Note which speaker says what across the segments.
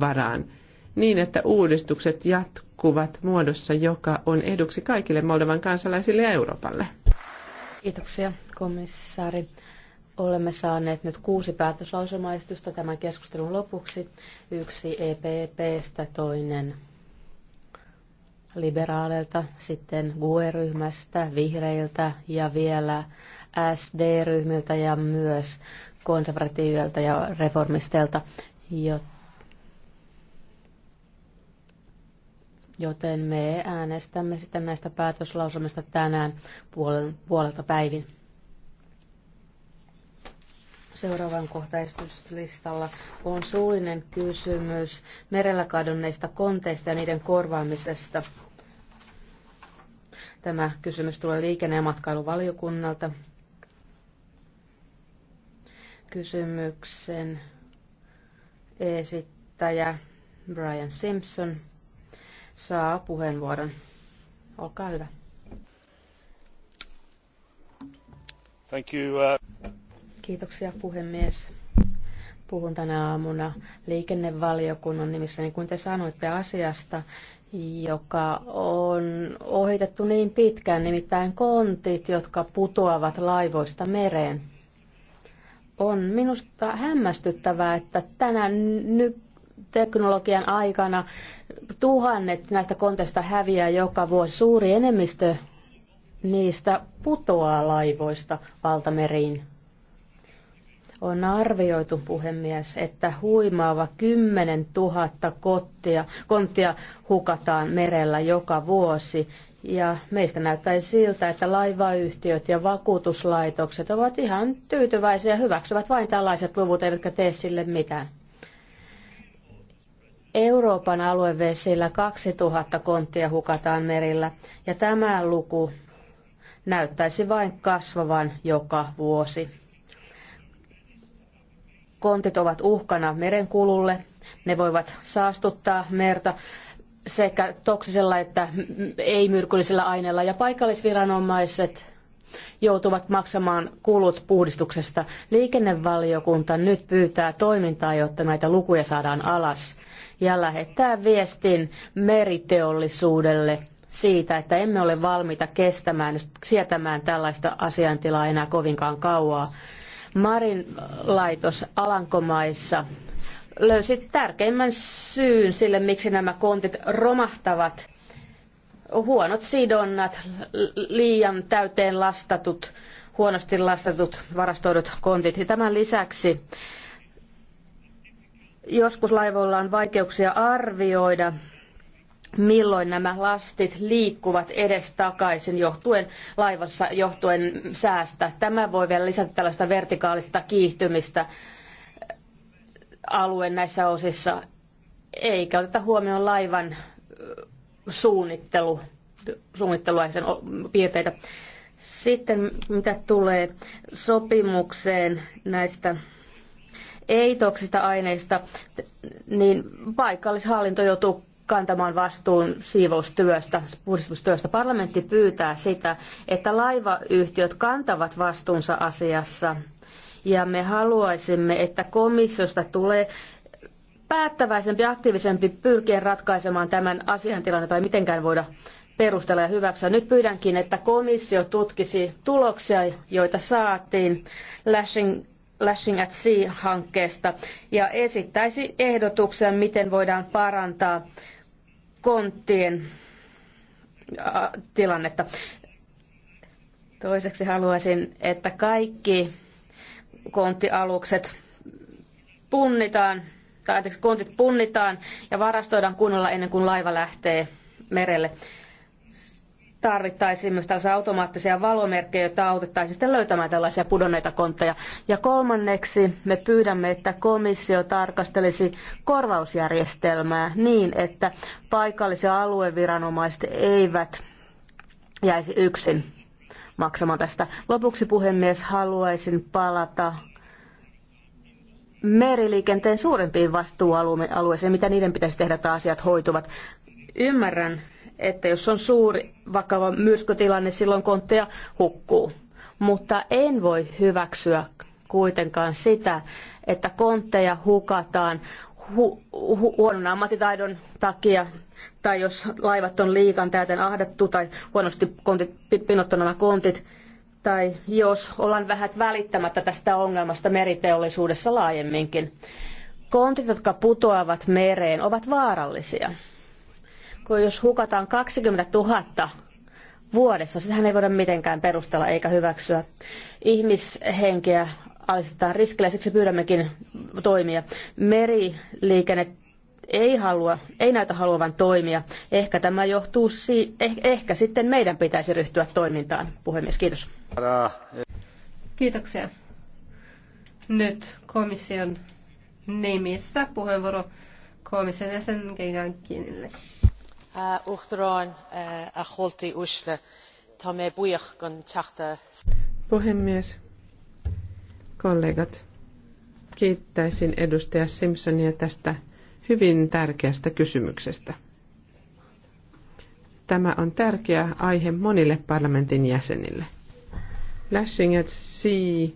Speaker 1: varaan niin, että uudistukset jatkuvat muodossa, joka on eduksi kaikille Moldovan kansalaisille ja Euroopalle.
Speaker 2: Kiitoksia, komissaari. Olemme saaneet nyt kuusi päätöslausumaistusta tämän keskustelun lopuksi. Yksi EPPstä, toinen liberaaleilta, sitten GUE-ryhmästä, vihreiltä ja vielä SD-ryhmiltä ja myös konservatiivilta ja reformisteilta, jotka. joten me äänestämme sitten näistä päätöslausumista tänään puolen, puolelta päivin. Seuraavan kohtaistuslistalla on suullinen kysymys merellä kadonneista konteista ja niiden korvaamisesta. Tämä kysymys tulee liikenne- ja matkailuvaliokunnalta. Kysymyksen esittäjä Brian Simpson – saa puheenvuoron. Olkaa hyvä.
Speaker 3: Thank you, uh...
Speaker 2: Kiitoksia puhemies. Puhun tänä aamuna liikennevaliokunnan nimissä, niin kuin te sanoitte, asiasta, joka on ohitettu niin pitkään, nimittäin kontit, jotka putoavat laivoista mereen. On minusta hämmästyttävää, että tänä ny- teknologian aikana tuhannet näistä konteista häviää joka vuosi. Suuri enemmistö niistä putoaa laivoista valtameriin. On arvioitu, puhemies, että huimaava 10 000 kottia, konttia hukataan merellä joka vuosi. Ja meistä näyttää siltä, että laivayhtiöt ja vakuutuslaitokset ovat ihan tyytyväisiä ja hyväksyvät vain tällaiset luvut, eivätkä tee sille mitään. Euroopan aluevesillä 2000 konttia hukataan merillä ja tämä luku näyttäisi vain kasvavan joka vuosi. Kontit ovat uhkana merenkululle. Ne voivat saastuttaa merta sekä toksisella että ei-myrkyllisellä aineella ja paikallisviranomaiset joutuvat maksamaan kulut puhdistuksesta. Liikennevaliokunta nyt pyytää toimintaa, jotta näitä lukuja saadaan alas ja lähettää viestin meriteollisuudelle siitä, että emme ole valmiita kestämään, sietämään tällaista asiantilaa enää kovinkaan kauaa. Marin laitos Alankomaissa löysi tärkeimmän syyn sille, miksi nämä kontit romahtavat. Huonot sidonnat, liian täyteen lastatut, huonosti lastatut varastoidut kontit. Ja tämän lisäksi Joskus laivoilla on vaikeuksia arvioida, milloin nämä lastit liikkuvat edestakaisin johtuen laivassa johtuen säästä. Tämä voi vielä lisätä tällaista vertikaalista kiihtymistä alueen näissä osissa, eikä oteta huomioon laivan suunnittelu, suunnittelua ja sen piirteitä. Sitten mitä tulee sopimukseen näistä ei-toksista aineista, niin paikallishallinto joutuu kantamaan vastuun siivoustyöstä, puhdistustyöstä. Parlamentti pyytää sitä, että laivayhtiöt kantavat vastuunsa asiassa. Ja me haluaisimme, että komissiosta tulee päättäväisempi, aktiivisempi pyrkiä ratkaisemaan tämän asiantilanne tai mitenkään voida perustella ja hyväksyä. Nyt pyydänkin, että komissio tutkisi tuloksia, joita saatiin Lashing Lashing at Sea-hankkeesta ja esittäisi ehdotuksen, miten voidaan parantaa konttien tilannetta. Toiseksi haluaisin, että kaikki konttialukset punnitaan, tai anteeksi, kontit punnitaan ja varastoidaan kunnolla ennen kuin laiva lähtee merelle tarvittaisiin myös tällaisia automaattisia valomerkkejä, joita autettaisiin sitten löytämään tällaisia pudonneita kontteja. Ja kolmanneksi me pyydämme, että komissio tarkastelisi korvausjärjestelmää niin, että paikallisia alueviranomaiset eivät jäisi yksin maksamaan tästä. Lopuksi puhemies haluaisin palata meriliikenteen suurempiin vastuualueisiin, mitä niiden pitäisi tehdä, että asiat hoituvat. Ymmärrän, että jos on suuri vakava myrskytilanne, silloin kontteja hukkuu. Mutta en voi hyväksyä kuitenkaan sitä, että kontteja hukataan hu- hu- huonon ammattitaidon takia, tai jos laivat on liikan täyteen ahdattu, tai huonosti kontit, pinottuna nämä kontit, tai jos ollaan vähän välittämättä tästä ongelmasta meriteollisuudessa laajemminkin. Kontit, jotka putoavat mereen, ovat vaarallisia kun jos hukataan 20 000 vuodessa, sitähän ei voida mitenkään perustella eikä hyväksyä. Ihmishenkeä alistetaan riskillä, ja siksi pyydämmekin toimia. Meriliikenne ei, halua, ei näytä haluavan toimia. Ehkä tämä johtuu si- eh- ehkä sitten meidän pitäisi ryhtyä toimintaan. Puhemies, kiitos. Kiitoksia.
Speaker 3: Nyt komission nimissä puheenvuoro komission jäsen Gengankinille
Speaker 2: uhtron a holti usle tome bujahkan tahta.
Speaker 1: Puhemies, kollegat, kiittäisin edustaja Simpsonia tästä hyvin tärkeästä kysymyksestä. Tämä on tärkeä aihe monille parlamentin jäsenille. Lashing at Sea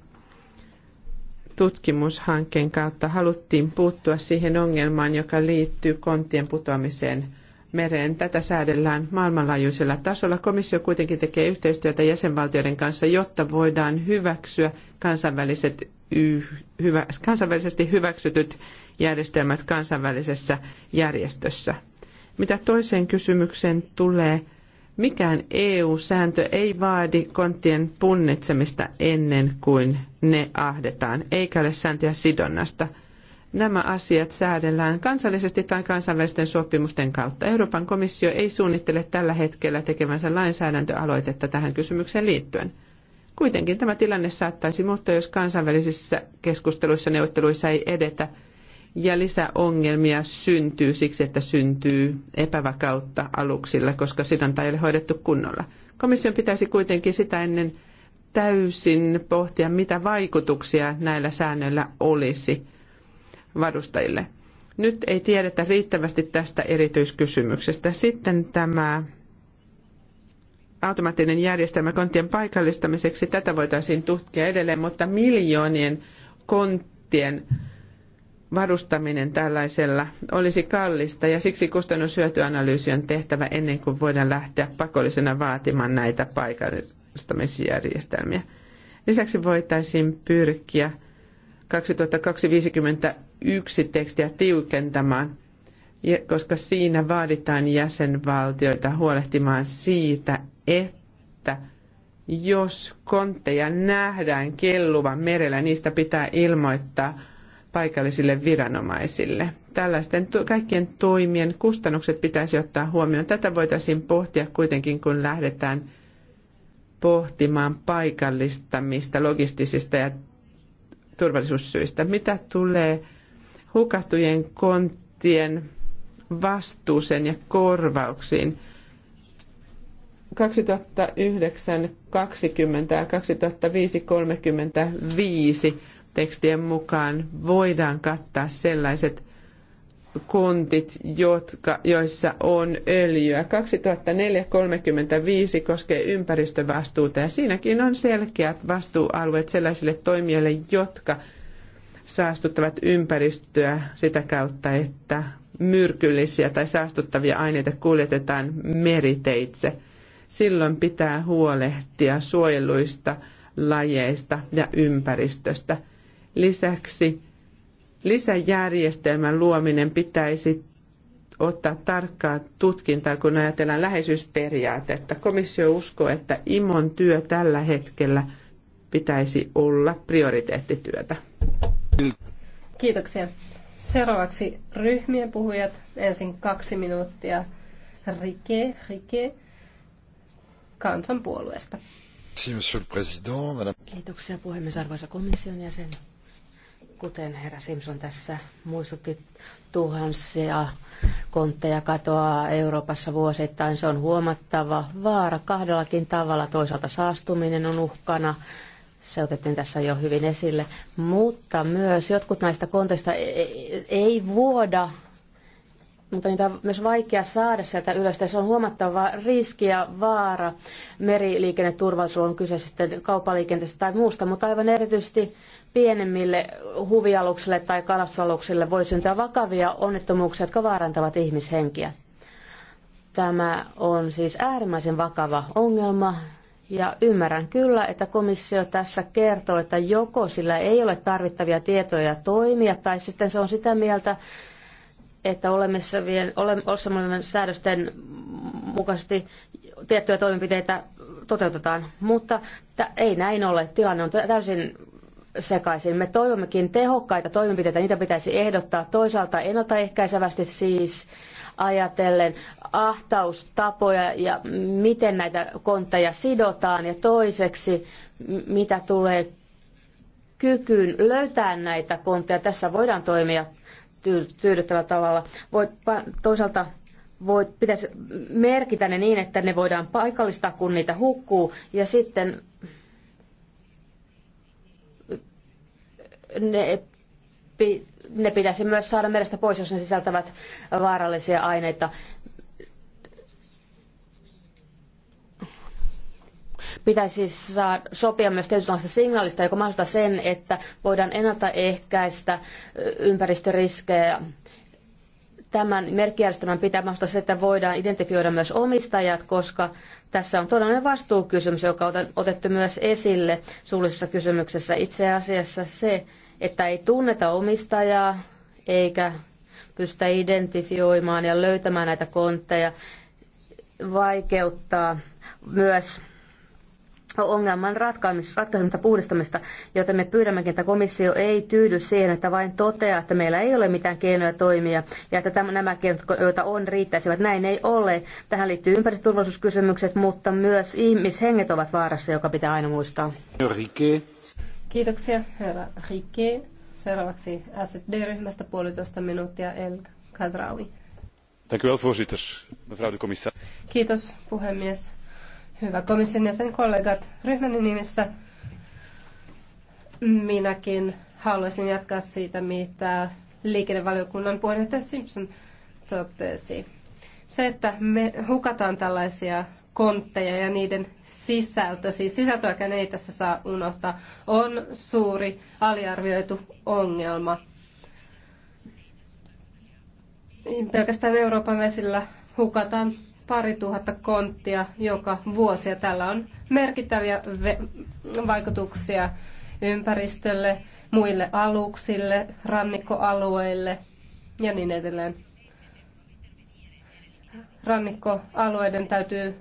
Speaker 1: tutkimushankkeen kautta haluttiin puuttua siihen ongelmaan, joka liittyy konttien putoamiseen – mereen. Tätä säädellään maailmanlaajuisella tasolla. Komissio kuitenkin tekee yhteistyötä jäsenvaltioiden kanssa, jotta voidaan hyväksyä kansainväliset hyvä, kansainvälisesti hyväksytyt järjestelmät kansainvälisessä järjestössä. Mitä toiseen kysymykseen tulee, mikään EU-sääntö ei vaadi konttien punnitsemista ennen kuin ne ahdetaan, eikä ole sääntöjä sidonnasta – nämä asiat säädellään kansallisesti tai kansainvälisten sopimusten kautta. Euroopan komissio ei suunnittele tällä hetkellä tekemänsä lainsäädäntöaloitetta tähän kysymykseen liittyen. Kuitenkin tämä tilanne saattaisi muuttua, jos kansainvälisissä keskusteluissa neuvotteluissa ei edetä ja lisäongelmia syntyy siksi, että syntyy epävakautta aluksilla, koska sidonta ei ole hoidettu kunnolla. Komission pitäisi kuitenkin sitä ennen täysin pohtia, mitä vaikutuksia näillä säännöillä olisi varustajille. Nyt ei tiedetä riittävästi tästä erityiskysymyksestä. Sitten tämä automaattinen järjestelmä konttien paikallistamiseksi, tätä voitaisiin tutkia edelleen, mutta miljoonien konttien varustaminen tällaisella olisi kallista ja siksi kustannushyötyanalyysi on tehtävä ennen kuin voidaan lähteä pakollisena vaatimaan näitä paikallistamisjärjestelmiä. Lisäksi voitaisiin pyrkiä 2250 yksi tekstiä tiukentamaan, koska siinä vaaditaan jäsenvaltioita huolehtimaan siitä, että jos kontteja nähdään kelluvan merellä, niistä pitää ilmoittaa paikallisille viranomaisille. Tällaisten kaikkien toimien kustannukset pitäisi ottaa huomioon. Tätä voitaisiin pohtia kuitenkin, kun lähdetään pohtimaan paikallistamista logistisista ja turvallisuussyistä. Mitä tulee hukattujen konttien vastuuseen ja korvauksiin. 2009 20 ja 2005 tekstien mukaan voidaan kattaa sellaiset kontit, jotka, joissa on öljyä. 2004-35 koskee ympäristövastuuta ja siinäkin on selkeät vastuualueet sellaisille toimijoille, jotka – saastuttavat ympäristöä sitä kautta, että myrkyllisiä tai saastuttavia aineita kuljetetaan meriteitse. Silloin pitää huolehtia suojeluista, lajeista ja ympäristöstä. Lisäksi lisäjärjestelmän luominen pitäisi ottaa tarkkaa tutkintaa, kun ajatellaan läheisyysperiaatetta. Komissio uskoo, että IMON työ tällä hetkellä pitäisi olla prioriteettityötä.
Speaker 3: Kiitoksia. Seuraavaksi ryhmien puhujat. Ensin kaksi minuuttia. Rike, Rike,
Speaker 2: kansanpuolueesta. Kiitoksia puhemies, arvoisa komission jäsen. Kuten herra Simpson tässä muistutti, tuhansia kontteja katoaa Euroopassa vuosittain. Se on huomattava vaara kahdellakin tavalla. Toisaalta saastuminen on uhkana se otettiin tässä jo hyvin esille. Mutta myös jotkut näistä konteista e- e- ei vuoda, mutta niitä on myös vaikea saada sieltä ylös. Se on huomattava riski ja vaara. Meriliikenneturvallisuus on kyse sitten kaupaliikenteestä tai muusta, mutta aivan erityisesti pienemmille huvialuksille tai kalastusaluksille voi syntyä vakavia onnettomuuksia, jotka vaarantavat ihmishenkiä. Tämä on siis äärimmäisen vakava ongelma, ja ymmärrän kyllä, että komissio tässä kertoo, että joko sillä ei ole tarvittavia tietoja toimia, tai sitten se on sitä mieltä, että olemme olemme säädösten mukaisesti tiettyjä toimenpiteitä toteutetaan. Mutta ei näin ole. Tilanne on täysin sekaisin. Me toivommekin tehokkaita toimenpiteitä, niitä pitäisi ehdottaa toisaalta ennaltaehkäisevästi siis ajatellen ahtaustapoja ja miten näitä kontteja sidotaan ja toiseksi mitä tulee kykyyn löytää näitä kontteja. Tässä voidaan toimia tyydyttävällä tavalla. Voit, toisaalta voit, pitäisi merkitä ne niin, että ne voidaan paikallistaa, kun niitä hukkuu. Ja sitten ne, ne pitäisi myös saada merestä pois, jos ne sisältävät vaarallisia aineita. Pitäisi saa sopia myös tietynlaista signaalista, joka mahdollistaa sen, että voidaan ennaltaehkäistä ympäristöriskejä tämän merkkijärjestelmän pitää mahdollistaa se, että voidaan identifioida myös omistajat, koska tässä on todellinen vastuukysymys, joka on otettu myös esille suullisessa kysymyksessä. Itse asiassa se, että ei tunneta omistajaa eikä pystytä identifioimaan ja löytämään näitä kontteja, vaikeuttaa myös ongelman ratkaisemista puhdistamista, joten me pyydämmekin, että komissio ei tyydy siihen, että vain toteaa, että meillä ei ole mitään keinoja toimia ja että tämän, nämä keinot, joita on, riittäisivät. Näin ei ole. Tähän liittyy ympäristöturvallisuuskysymykset, mutta myös ihmishenget ovat vaarassa, joka pitää aina muistaa. Rike. Kiitoksia, herra
Speaker 3: Rike. Seuraavaksi SD-ryhmästä puolitoista minuuttia El Kadrawi.
Speaker 1: Dank u wel, voorzitter. Mevrouw de commissaris.
Speaker 3: Kiitos, puhemies Hyvä komission jäsen kollegat ryhmäni nimissä. Minäkin haluaisin jatkaa siitä, mitä liikennevaliokunnan puheenjohtaja Simpson totesi. Se, että me hukataan tällaisia kontteja ja niiden sisältö, siis sisältöäkään ei tässä saa unohtaa, on suuri aliarvioitu ongelma. Pelkästään Euroopan vesillä hukataan pari tuhatta konttia joka vuosi ja tällä on merkittäviä vaikutuksia ympäristölle, muille aluksille, rannikkoalueille ja niin edelleen. Rannikkoalueiden täytyy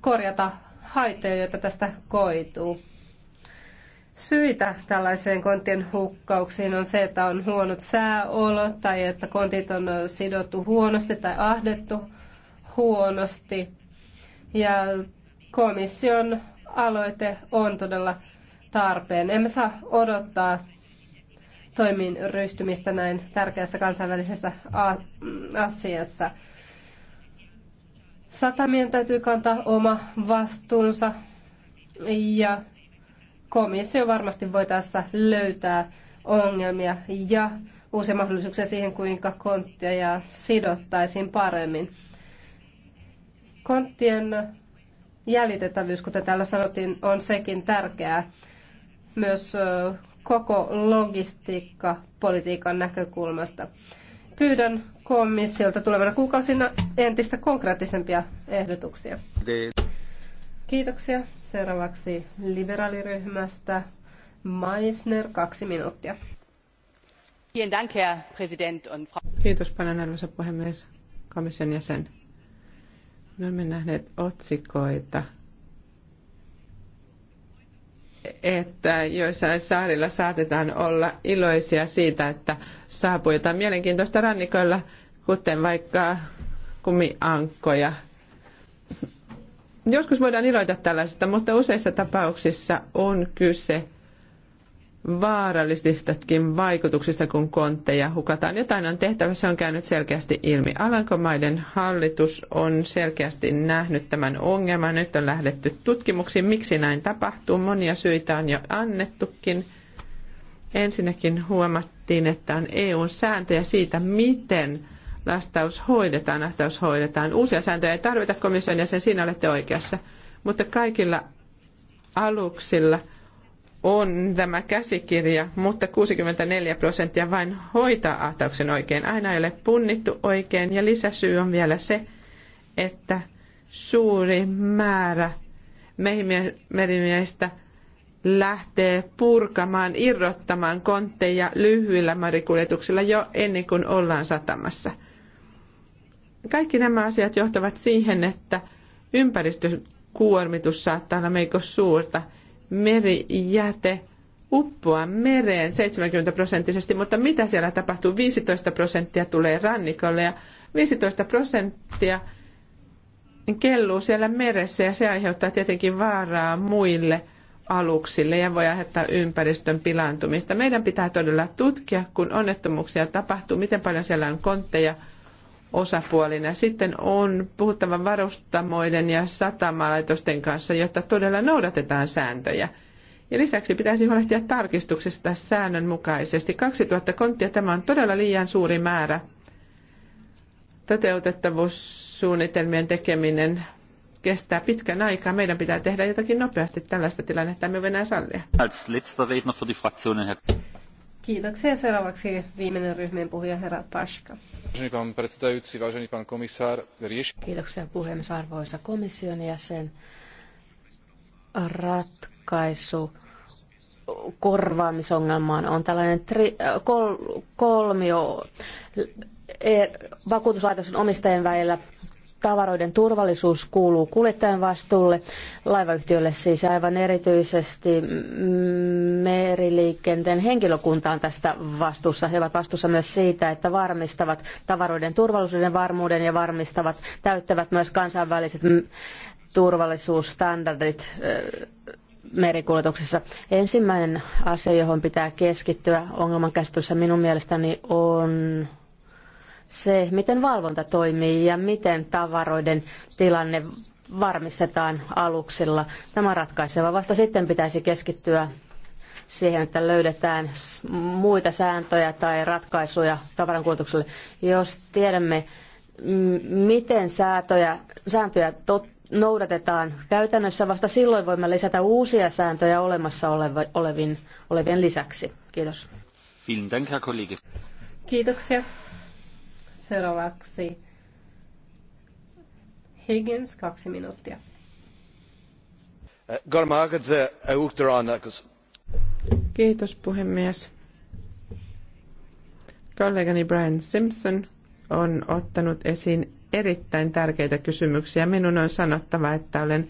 Speaker 3: korjata haittoja, joita tästä koituu. Syitä tällaiseen konttien hukkauksiin on se, että on huonot sääolot tai että kontit on sidottu huonosti tai ahdettu huonosti. Ja komission aloite on todella tarpeen. Emme saa odottaa toimiin ryhtymistä näin tärkeässä kansainvälisessä asiassa. Satamien täytyy kantaa oma vastuunsa ja komissio varmasti voi tässä löytää ongelmia ja uusia mahdollisuuksia siihen, kuinka kontteja sidottaisiin paremmin. Konttien jäljitettävyys, kuten täällä sanottiin, on sekin tärkeää. Myös koko logistiikkapolitiikan näkökulmasta. Pyydän komissiolta tulevana kuukausina entistä konkreettisempia ehdotuksia. Kiitoksia. Seuraavaksi liberaaliryhmästä Meissner, kaksi minuuttia.
Speaker 1: Kiitos paljon, arvoisa puhemies, komission jäsen. No, me olemme nähneet otsikoita, että joissain saarilla saatetaan olla iloisia siitä, että saapuu jotain mielenkiintoista rannikoilla, kuten vaikka kumiankkoja. Joskus voidaan iloita tällaisesta, mutta useissa tapauksissa on kyse – vaarallisistakin vaikutuksista, kun kontteja hukataan. Jotain on tehtävä, se on käynyt selkeästi ilmi. Alankomaiden hallitus on selkeästi nähnyt tämän ongelman. Nyt on lähdetty tutkimuksiin, miksi näin tapahtuu. Monia syitä on jo annettukin. Ensinnäkin huomattiin, että on EU-sääntöjä siitä, miten lastaus hoidetaan, lastaus hoidetaan. Uusia sääntöjä ei tarvita komission ja sen siinä olette oikeassa. Mutta kaikilla aluksilla – on tämä käsikirja, mutta 64 prosenttia vain hoitaa ahtauksen oikein. Aina ei ole punnittu oikein ja lisäsyy on vielä se, että suuri määrä merimiestä lähtee purkamaan, irrottamaan kontteja lyhyillä marikuljetuksilla jo ennen kuin ollaan satamassa. Kaikki nämä asiat johtavat siihen, että ympäristökuormitus saattaa olla meikö suurta – merijäte uppoa mereen 70 prosenttisesti, mutta mitä siellä tapahtuu? 15 prosenttia tulee rannikolle ja 15 prosenttia kelluu siellä meressä ja se aiheuttaa tietenkin vaaraa muille aluksille ja voi aiheuttaa ympäristön pilaantumista. Meidän pitää todella tutkia, kun onnettomuuksia tapahtuu, miten paljon siellä on kontteja – osapuolina. Sitten on puhuttava varustamoiden ja satamalaitosten kanssa, jotta todella noudatetaan sääntöjä. Ja lisäksi pitäisi huolehtia tarkistuksesta säännönmukaisesti. 2000 konttia tämä on todella liian suuri määrä. Toteutettavuussuunnitelmien tekeminen kestää pitkän aikaa. Meidän pitää tehdä jotakin nopeasti tällaista tilannetta, me voidaan sallia. Kiitoksia. Seuraavaksi viimeinen ryhmien puhuja, herra Paska.
Speaker 2: Kiitoksia puhemies, arvoisa komission jäsen. Ratkaisu korvaamisongelmaan on tällainen tri, kol, kolmio e- vakuutuslaitoksen omistajien välillä tavaroiden turvallisuus kuuluu kuljettajan vastuulle, laivayhtiölle siis aivan erityisesti meriliikenteen henkilökunta on tästä vastuussa. He ovat vastuussa myös siitä, että varmistavat tavaroiden turvallisuuden varmuuden ja varmistavat, täyttävät myös kansainväliset turvallisuusstandardit merikuljetuksessa. Ensimmäinen asia, johon pitää keskittyä käsittelyssä minun mielestäni on se, miten valvonta toimii ja miten tavaroiden tilanne varmistetaan aluksilla. Tämä on ratkaiseva. Vasta sitten pitäisi keskittyä siihen, että löydetään muita sääntöjä tai ratkaisuja tavarankuljetukselle. Jos tiedämme, miten säätöjä, sääntöjä tot, noudatetaan käytännössä, vasta silloin voimme lisätä uusia sääntöjä olemassa olevin, olevien lisäksi. Kiitos. Kiitoksia. Seuraavaksi
Speaker 3: Higgins, kaksi minuuttia.
Speaker 1: Kiitos puhemies. Kollegani Brian Simpson on ottanut esiin erittäin tärkeitä kysymyksiä. Minun on sanottava, että olen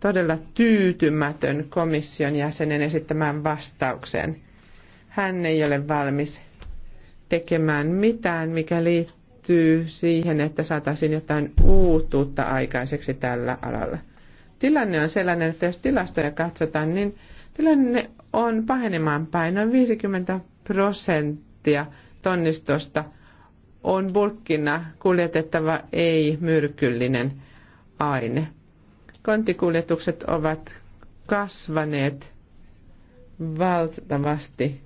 Speaker 1: todella tyytymätön komission jäsenen esittämään vastaukseen. Hän ei ole valmis tekemään mitään, mikä liittyy liittyy siihen, että saataisiin jotain uutuutta aikaiseksi tällä alalla. Tilanne on sellainen, että jos tilastoja katsotaan, niin tilanne on pahenemaan päin. Noin 50 prosenttia tonnistosta on bulkkina kuljetettava ei-myrkyllinen aine. Kontikuljetukset ovat kasvaneet valtavasti.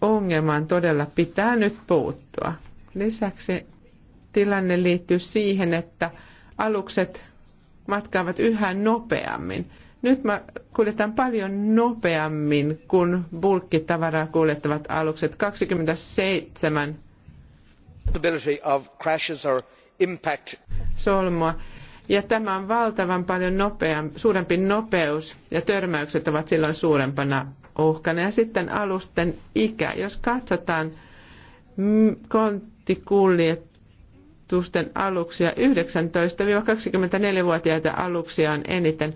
Speaker 1: Ongelmaan todella pitää nyt puuttua. Lisäksi tilanne liittyy siihen, että alukset matkaavat yhä nopeammin. Nyt mä kuljetan paljon nopeammin kuin bulkkitavaraa kuljettavat alukset. 27 of crashes or impact. solmua. Ja tämä on valtavan paljon nopeam, suurempi nopeus ja törmäykset ovat silloin suurempana uhkana. Ja sitten alusten ikä. Jos katsotaan mm, kuljetusten aluksia, 19-24-vuotiaita aluksia on eniten,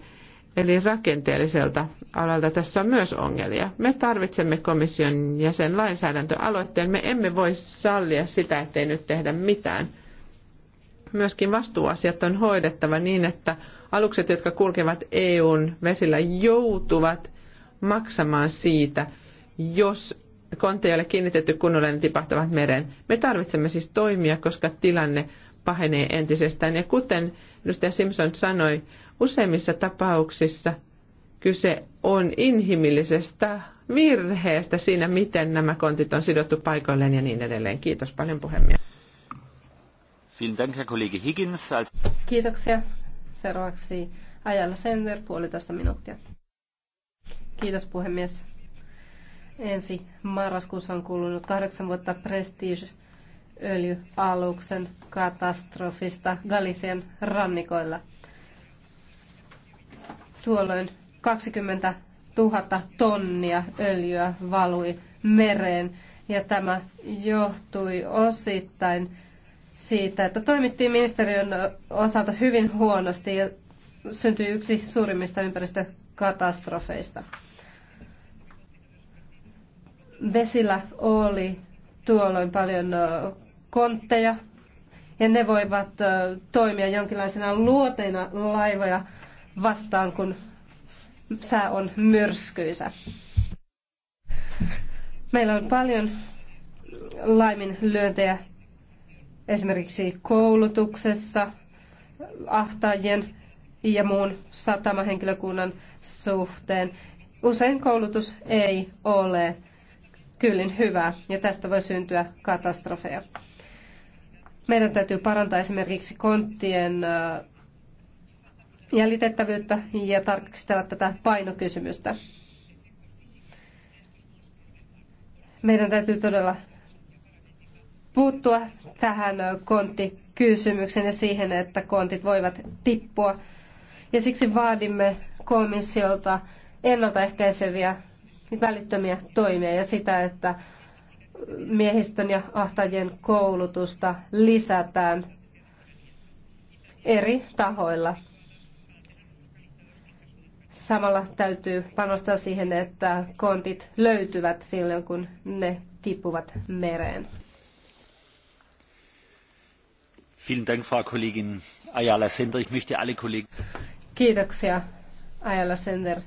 Speaker 1: eli rakenteelliselta alalta tässä on myös ongelmia. Me tarvitsemme komission jäsen lainsäädäntöaloitteen. Me emme voi sallia sitä, ettei nyt tehdä mitään. Myöskin vastuuasiat on hoidettava niin, että alukset, jotka kulkevat EUn vesillä, joutuvat maksamaan siitä, jos ole kiinnitetty kunnolla, ne tipahtavat mereen. Me tarvitsemme siis toimia, koska tilanne pahenee entisestään. Ja kuten edustaja Simpson sanoi, useimmissa tapauksissa kyse on inhimillisestä virheestä siinä, miten nämä kontit on sidottu paikoilleen ja niin edelleen. Kiitos paljon puhemies. Kiitoksia.
Speaker 3: Seuraavaksi ajalla sen puolitoista minuuttia. Kiitos puhemies. Ensi marraskuussa on kulunut kahdeksan vuotta Prestige öljyaluksen katastrofista Galifian rannikoilla. Tuolloin 20 000 tonnia öljyä valui mereen ja tämä johtui osittain siitä, että toimittiin ministeriön osalta hyvin huonosti ja syntyi yksi suurimmista ympäristökatastrofeista vesillä oli tuolloin paljon kontteja, ja ne voivat toimia jonkinlaisena luoteina laivoja vastaan, kun sää on myrskyisä. Meillä on paljon laiminlyöntejä esimerkiksi koulutuksessa, ahtajien ja muun satamahenkilökunnan suhteen. Usein koulutus ei ole kyllin hyvää ja tästä voi syntyä katastrofeja. Meidän täytyy parantaa esimerkiksi konttien jäljitettävyyttä ja tarkistella tätä painokysymystä. Meidän täytyy todella puuttua tähän konttikysymykseen ja siihen, että kontit voivat tippua. Ja siksi vaadimme komissiolta ennaltaehkäiseviä välittömiä toimia ja sitä, että miehistön ja ahtajien koulutusta lisätään eri tahoilla. Samalla täytyy panostaa siihen, että kontit löytyvät silloin, kun ne tippuvat mereen.
Speaker 2: Vielen Dank, Frau Kollegin Ayala Sender. Ich möchte alle Kollegen.
Speaker 3: Kiitoksia, Ayala Sender.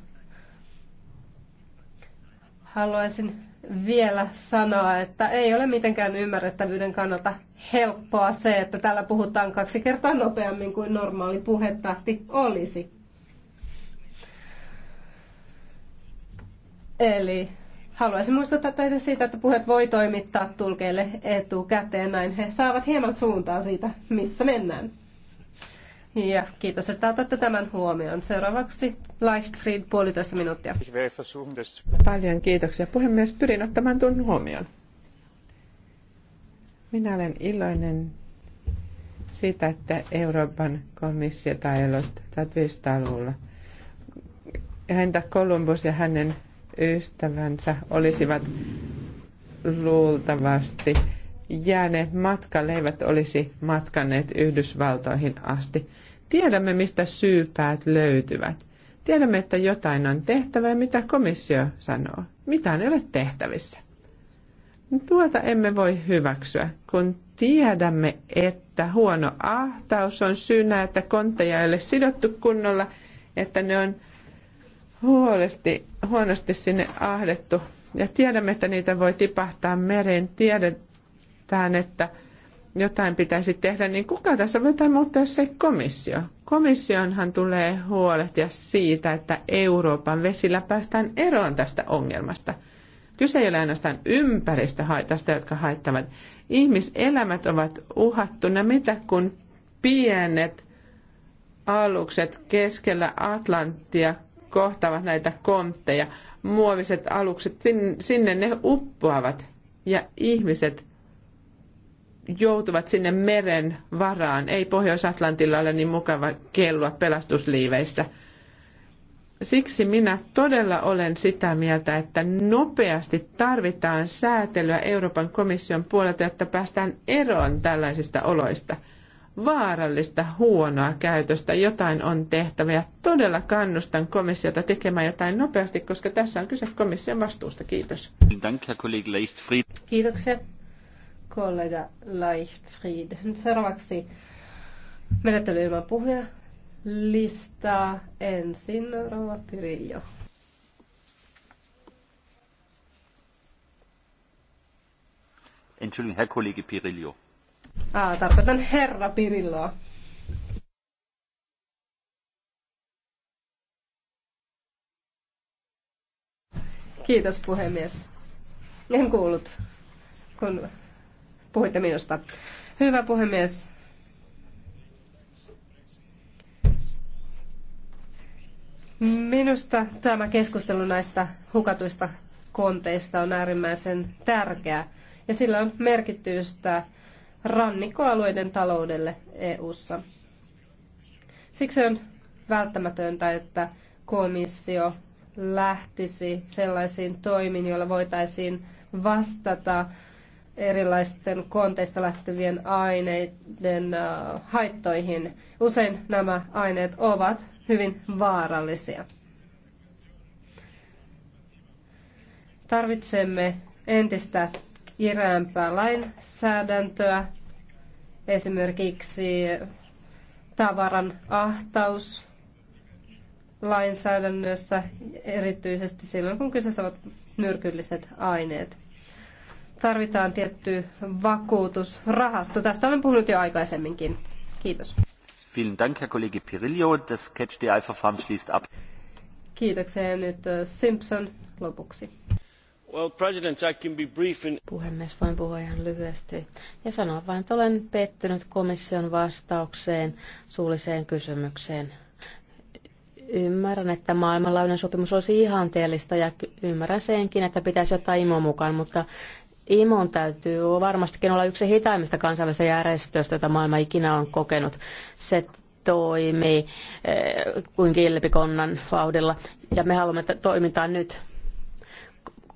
Speaker 3: Haluaisin vielä sanoa, että ei ole mitenkään ymmärrettävyyden kannalta helppoa se, että täällä puhutaan kaksi kertaa nopeammin kuin normaali puhetahti olisi. Eli haluaisin muistuttaa teitä siitä, että puhet voi toimittaa tulkeille etukäteen, näin he saavat hieman
Speaker 1: suuntaa siitä, missä mennään.
Speaker 3: Ja kiitos, että otatte tämän huomioon. Seuraavaksi Leichtfried puolitoista minuuttia.
Speaker 1: Paljon kiitoksia. Puhemies, pyrin ottamaan tuon huomioon. Minä olen iloinen siitä, että Euroopan komissio tai 1500-luvulla häntä Kolumbus ja hänen ystävänsä olisivat luultavasti jääneet matkaleivät olisi matkanneet Yhdysvaltoihin asti. Tiedämme, mistä syypäät löytyvät. Tiedämme, että jotain on tehtävä ja mitä komissio sanoo. Mitä ei ole tehtävissä. Tuota emme voi hyväksyä, kun tiedämme, että huono ahtaus on syynä, että kontteja ei ole sidottu kunnolla, että ne on huolesti, huonosti sinne ahdettu. Ja tiedämme, että niitä voi tipahtaa mereen. tiedet tähän, että jotain pitäisi tehdä, niin kuka tässä voi jotain muuttaa, jos ei komissio? Komissionhan tulee huolehtia siitä, että Euroopan vesillä päästään eroon tästä ongelmasta. Kyse ei ole ainoastaan ympäristöhaitasta, jotka haittavat. Ihmiselämät ovat uhattuna, mitä kun pienet alukset keskellä Atlanttia kohtavat näitä kontteja, muoviset alukset, sinne ne uppoavat ja ihmiset joutuvat sinne meren varaan. Ei Pohjois-Atlantilla ole niin mukava kellua pelastusliiveissä. Siksi minä todella olen sitä mieltä, että nopeasti tarvitaan säätelyä Euroopan komission puolelta, jotta päästään eroon tällaisista oloista. Vaarallista, huonoa käytöstä jotain on tehtävä ja todella kannustan komissiota tekemään jotain nopeasti, koska tässä on kyse komission vastuusta. Kiitos. Kiitoksia kollega
Speaker 3: Leichtfried. Nyt seuraavaksi menettely ilman puhuja listaa. Ensin Rova Pirillo.
Speaker 2: Entschuldigung, Herr Kollege Pirillo.
Speaker 3: Ah, tarkoitan herra Pirilloa. Kiitos puhemies. En kuullut, kun puhuitte minusta. Hyvä puhemies. Minusta tämä keskustelu näistä hukatuista konteista on äärimmäisen tärkeä ja sillä on merkitystä rannikkoalueiden taloudelle EU:ssa. Siksi on välttämätöntä, että komissio lähtisi sellaisiin toimiin, joilla voitaisiin vastata erilaisten konteista lähtevien aineiden äh, haittoihin. Usein nämä aineet ovat hyvin vaarallisia. Tarvitsemme entistä kireämpää lainsäädäntöä, esimerkiksi tavaran ahtaus lainsäädännössä, erityisesti silloin kun kyseessä ovat myrkylliset aineet tarvitaan tietty vakuutusrahasto. Tästä olen puhunut jo aikaisemminkin. Kiitos.
Speaker 2: Vielen Dank, Herr Kollege Pirillo. Das Catch the Eye-Verfahren
Speaker 1: schließt ab.
Speaker 3: Kiitoksia. Ja nyt äh, Simpson lopuksi.
Speaker 1: Well, President, I can be brief in...
Speaker 2: Puhemies, voin puhua ihan lyhyesti ja sanoa vain, että olen pettynyt komission vastaukseen suulliseen kysymykseen. Ymmärrän, että maailmanlaajuinen sopimus olisi ihanteellista ja ymmärrän senkin, että pitäisi ottaa IMO mukaan, mutta Imon täytyy varmastikin olla yksi hitaimmista kansainvälisistä järjestöistä, jota maailma ikinä on kokenut. Se toimii eh, kuin kilpikonnan vauhdilla. Ja me haluamme toimintaa nyt.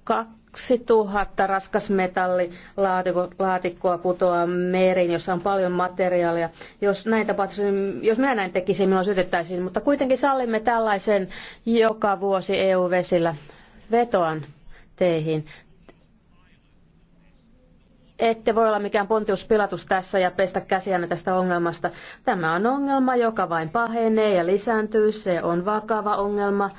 Speaker 2: 2000 raskasmetallilaatikkoa putoaa meriin, jossa on paljon materiaalia. Jos näin tapahtuisi, jos minä näin tekisin, minua sytettäisiin, mutta kuitenkin sallimme tällaisen joka vuosi EU-vesillä. Vetoan teihin ette voi olla mikään Pontius Pilatus tässä ja pestä käsiänne tästä ongelmasta. Tämä on ongelma, joka vain pahenee ja lisääntyy. Se on vakava ongelma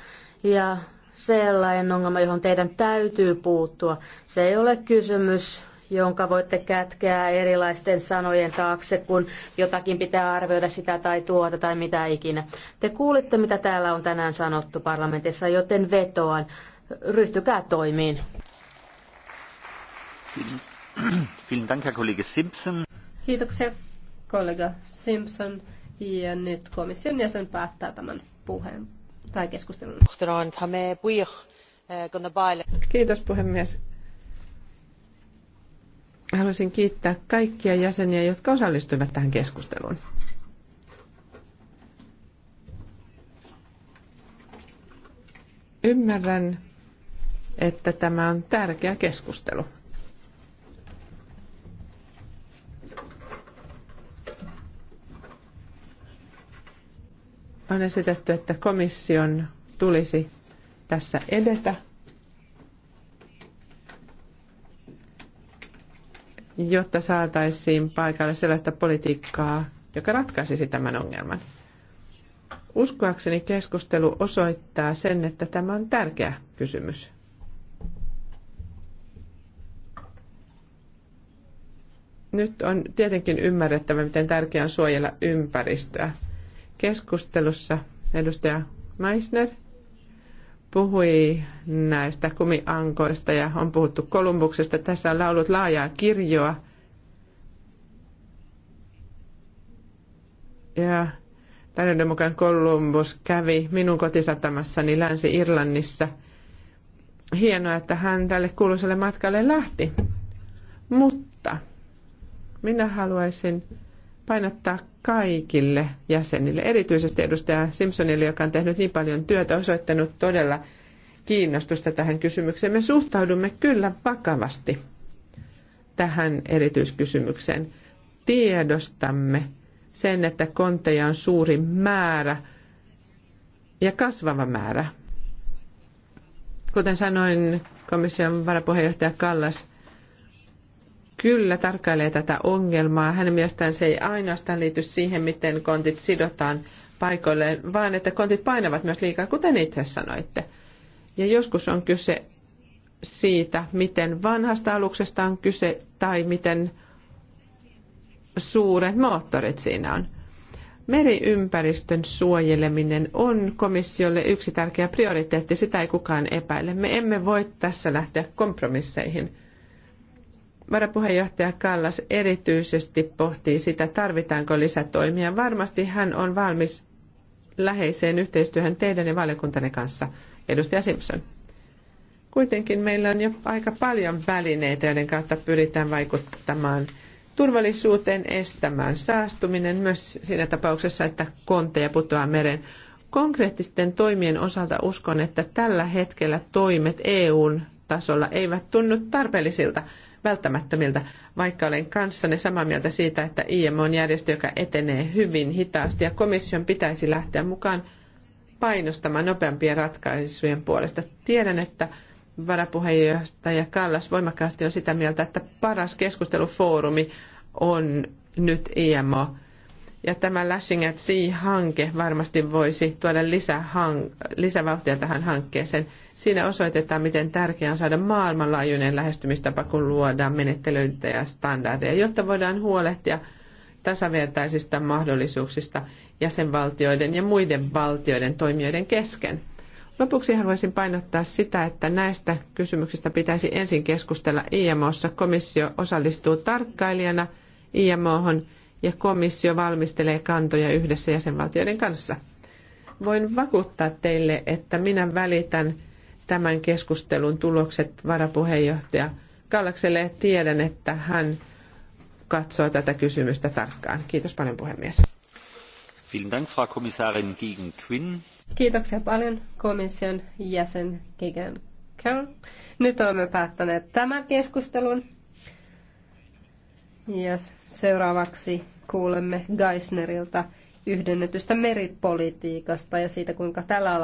Speaker 2: ja sellainen ongelma, johon teidän täytyy puuttua. Se ei ole kysymys jonka voitte kätkeä erilaisten sanojen taakse, kun jotakin pitää arvioida sitä tai tuota tai mitä ikinä. Te kuulitte, mitä täällä on tänään sanottu parlamentissa, joten vetoan. Ryhtykää toimiin. Mm-hmm. Kiitoksia
Speaker 3: kollega Simpson. Ja nyt komission jäsen päättää tämän puheen
Speaker 2: tai keskustelun. Kiitos puhemies.
Speaker 1: Haluaisin kiittää kaikkia jäseniä, jotka osallistuivat tähän keskusteluun. Ymmärrän, että tämä on tärkeä keskustelu. on esitetty, että komission tulisi tässä edetä. jotta saataisiin paikalle sellaista politiikkaa, joka ratkaisisi tämän ongelman. Uskoakseni keskustelu osoittaa sen, että tämä on tärkeä kysymys. Nyt on tietenkin ymmärrettävä, miten tärkeää on suojella ympäristöä Keskustelussa edustaja Meissner puhui näistä kumiankoista ja on puhuttu Kolumbuksesta. Tässä on ollut laajaa kirjoa. Ja tänne mukaan Kolumbus kävi minun kotisatamassani Länsi-Irlannissa. Hienoa, että hän tälle kuuluiselle matkalle lähti. Mutta minä haluaisin painottaa kaikille jäsenille, erityisesti edustaja Simpsonille, joka on tehnyt niin paljon työtä, osoittanut todella kiinnostusta tähän kysymykseen. Me suhtaudumme kyllä vakavasti tähän erityiskysymykseen. Tiedostamme sen, että konteja on suuri määrä ja kasvava määrä. Kuten sanoin, komission varapuheenjohtaja Kallas kyllä tarkkailee tätä ongelmaa. Hänen mielestään se ei ainoastaan liity siihen, miten kontit sidotaan paikoille, vaan että kontit painavat myös liikaa, kuten itse sanoitte. Ja joskus on kyse siitä, miten vanhasta aluksesta on kyse tai miten suuret moottorit siinä on. Meriympäristön suojeleminen on komissiolle yksi tärkeä prioriteetti, sitä ei kukaan epäile. Me emme voi tässä lähteä kompromisseihin – varapuheenjohtaja Kallas erityisesti pohtii sitä, tarvitaanko lisätoimia. Varmasti hän on valmis läheiseen yhteistyöhön teidän ja valiokuntanne kanssa, edustaja Simpson. Kuitenkin meillä on jo aika paljon välineitä, joiden kautta pyritään vaikuttamaan turvallisuuteen, estämään saastuminen, myös siinä tapauksessa, että konteja putoaa meren. Konkreettisten toimien osalta uskon, että tällä hetkellä toimet EUn tasolla eivät tunnu tarpeellisilta – välttämättömiltä, vaikka olen kanssanne samaa mieltä siitä, että IMO on järjestö, joka etenee hyvin hitaasti ja komission pitäisi lähteä mukaan painostamaan nopeampien ratkaisujen puolesta. Tiedän, että varapuheenjohtaja Kallas voimakkaasti on sitä mieltä, että paras keskustelufoorumi on nyt IMO ja tämä Lashing at Sea-hanke varmasti voisi tuoda lisävauhtia tähän hankkeeseen. Siinä osoitetaan, miten tärkeää on saada maailmanlaajuinen lähestymistapa, kun luodaan menettelyitä ja standardeja, jotta voidaan huolehtia tasavertaisista mahdollisuuksista jäsenvaltioiden ja muiden valtioiden toimijoiden kesken. Lopuksi haluaisin painottaa sitä, että näistä kysymyksistä pitäisi ensin keskustella IMOssa. Komissio osallistuu tarkkailijana IMOhon – ja komissio valmistelee kantoja yhdessä jäsenvaltioiden kanssa. Voin vakuuttaa teille, että minä välitän tämän keskustelun tulokset varapuheenjohtaja Kallakselle ja tiedän, että hän katsoo tätä kysymystä tarkkaan. Kiitos paljon puhemies. Kiitoksia
Speaker 3: paljon komission jäsen Gigan Nyt olemme päättäneet tämän keskustelun. Ja seuraavaksi kuulemme Geisnerilta yhdennetystä meripolitiikasta ja siitä, kuinka tällä alalla